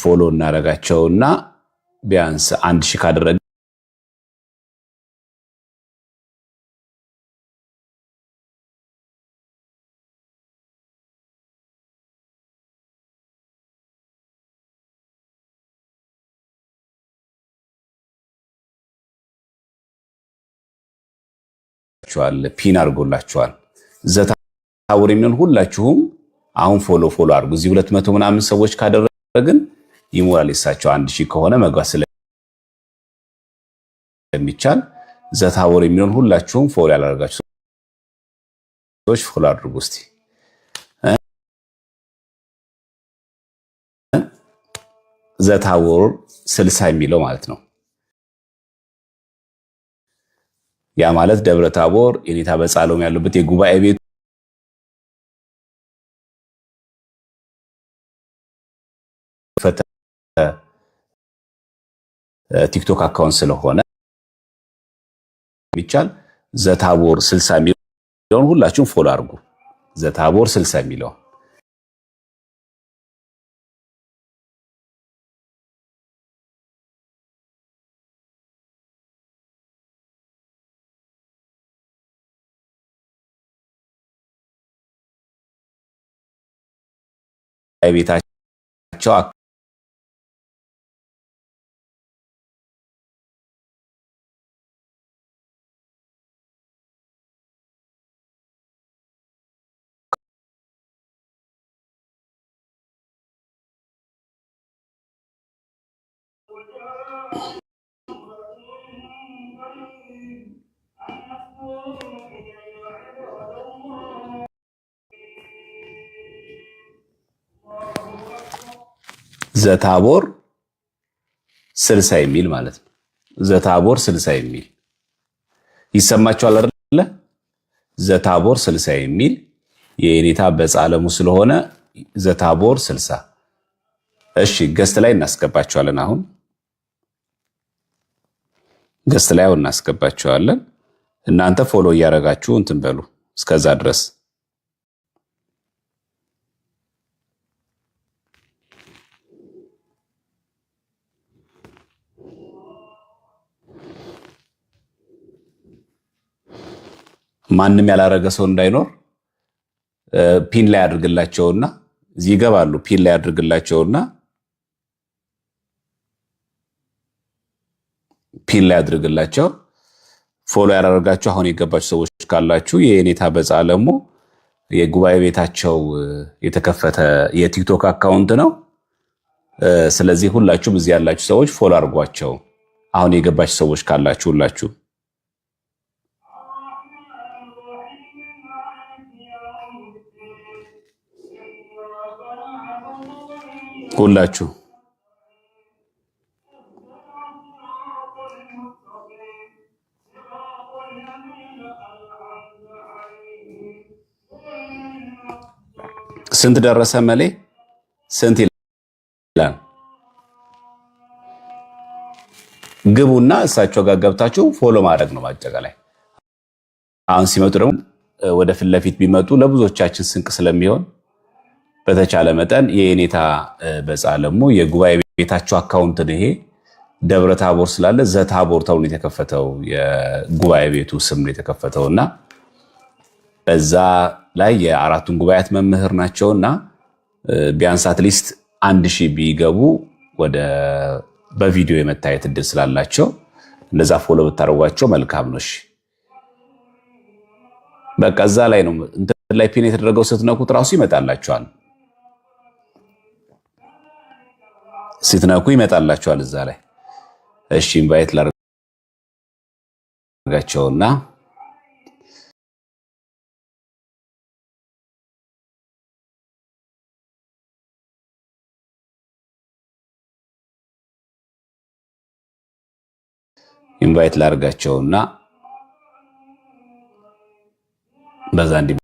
ፎሎ እና ቢያንስ አንድ ሺህ ካደረገ ል ፒን አድርጎላችኋል። ዘታወር የሚሆን ሁላችሁም አሁን ፎሎ ፎሎ አድርጉ። እዚህ ሁለት መቶ ምናምን ሰዎች ካደረ ግን ይሞላል የሳቸው አንድ ሺህ ከሆነ መግባት ስለሚቻል ዘታቦር የሚሆን ሁላችሁም ፎሎ ያላደርጋችሁ ሰዎች ፎሎ አድርጉ እስቲ። ዘታቦር ስልሳ የሚለው ማለት ነው። ያ ማለት ደብረ ታቦር የኔታ በጻሎም ያሉበት የጉባኤ ቤቱ የተከፈተ ቲክቶክ አካውንት ስለሆነ ቢቻል ዘታቦር 60 ሚሊዮን ሁላችሁም ፎሎ አድርጉ። ዘታቦር 60 ሚሊዮን ቤታቸው ዘታቦር ስልሳ የሚል ማለት ነው። ዘታቦር ስልሳ የሚል ይሰማችኋል አይደለ? ዘታቦር ስልሳ የሚል የኔታ በጻለሙ ስለሆነ ዘታቦር ስልሳ እሺ፣ ገስት ላይ እናስገባችኋለን አሁን ገስት ላይ አሁን እናንተ ፎሎ እያደረጋችሁ እንትን በሉ እስከዛ ድረስ ማንም ያላረገ ሰው እንዳይኖር ፒን ላይ አድርግላቸውና እዚህ ይገባሉ። ፒን ላይ አድርግላቸውና ፒን ላይ አድርግላቸው። ፎሎ ያላደረጋችሁ አሁን የገባችሁ ሰዎች ካላችሁ የኔታ በጻ የጉባኤ ቤታቸው የተከፈተ የቲክቶክ አካውንት ነው። ስለዚህ ሁላችሁም እዚህ ያላችሁ ሰዎች ፎሎ አድርጓቸው። አሁን የገባችሁ ሰዎች ካላችሁ ሁላችሁ ሁላችሁ ስንት ደረሰ መሌ ስንት ይላል። ግቡና እሳቸው ጋር ገብታችሁ ፎሎ ማድረግ ነው። በአጠቃላይ አሁን ሲመጡ ደግሞ ወደ ፊት ለፊት ቢመጡ ለብዙዎቻችን ስንቅ ስለሚሆን በተቻለ መጠን የኔታ ደግሞ የጉባኤ ቤታቸው አካውንት ይሄ ደብረ ታቦር ስላለ ዘታቦር ተብሎ የተከፈተው የጉባኤ ቤቱ ስም ነው የተከፈተው እና በዛ ላይ የአራቱን ጉባኤያት መምህር ናቸው እና ቢያንስ አትሊስት አንድ ሺህ ቢገቡ ወደ በቪዲዮ የመታየት እድል ስላላቸው እንደዛ ፎሎ ብታደርጓቸው መልካም ነው። እሺ በቃ እዛ ላይ ነው እንትን ላይ ፒን የተደረገው ስትነኩት ራሱ ይመጣላቸዋል። ስትነኩ ይመጣላቸዋል እዛ ላይ እሺ ኢንቫይት ላደርጋቸውና ኢንቫይት ላርጋቸውና በዛ እንዲ